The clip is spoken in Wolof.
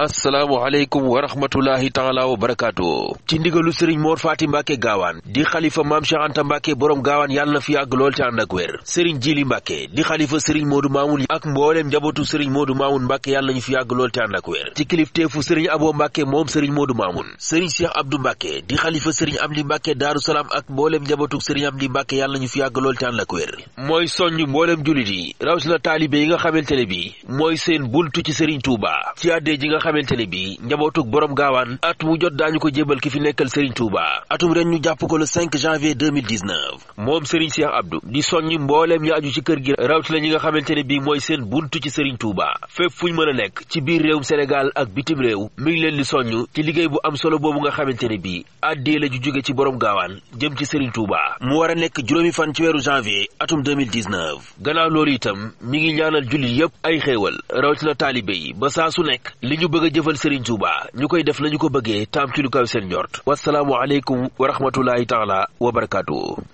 asalaamualeykum wa rahmatulahi taala wa barakaatu ci ndigalu sëriñ Mor Faati Mbàkke gaawaan di xalifa maam Cheikh Anta Mbàkke boroom gaawaan yàlla na fi yàgg lool te ànd ak wér sëriñ Jili Mbàkke di xalifa sëriñ Moodu Maamun ak mbooleem njabootu sëriñ Moodu Maamun Mbàkke yàlla ñu fi yàgg lool te ànd ak wér ci kilifteefu sëriñ Abo Mbàkke moom sëriñ Moodu Maamun sëriñ Cheikh Abdu Mbàkke di xalifa sëriñ Amdi Mbàkke Daaru Salaam ak mbooleem njabootu sëriñ Amdi Mbàkke yàlla nañu fi yàgg lool te ànd ak wér mooy soññ mbooleem jullit yi yi nga xamante ne bi mooy seen bultu ci sëriñ Tuuba ci àddee xamante ne bi njabootug borom gaawaan at mu jot daañu ko jébal ki fi nekkal Serigne Touba atum ren ñu jàpp ko le 5 janvier 2019 moom Serigne Cheikh Abdou di soññ mbooleem ñu aju ci kër gi rawti seen buntu ci Serigne Touba fépp fu ñu mën a nekk ci biir réewum Sénégal ak bitim réew mi ngi di soññ ci liggéey bu am solo boobu nga xamante ne bi àddee la ju jóge ci borom gaawaan jëm ci Serigne Touba mu war a nekk juróomi fan ci weeru janvier atum gannaaw loolu itam mi ngi ñaanal jullit yépp ay xéewal rawti taalibe yi ba saa su nekk li ñu bëgg a jëfal Serigne Touba ñu koy def nañu ko bëggee taam ci lu kaw seen njort wasalaamu aleykum wa rahmatulahi taala wa barakaatu.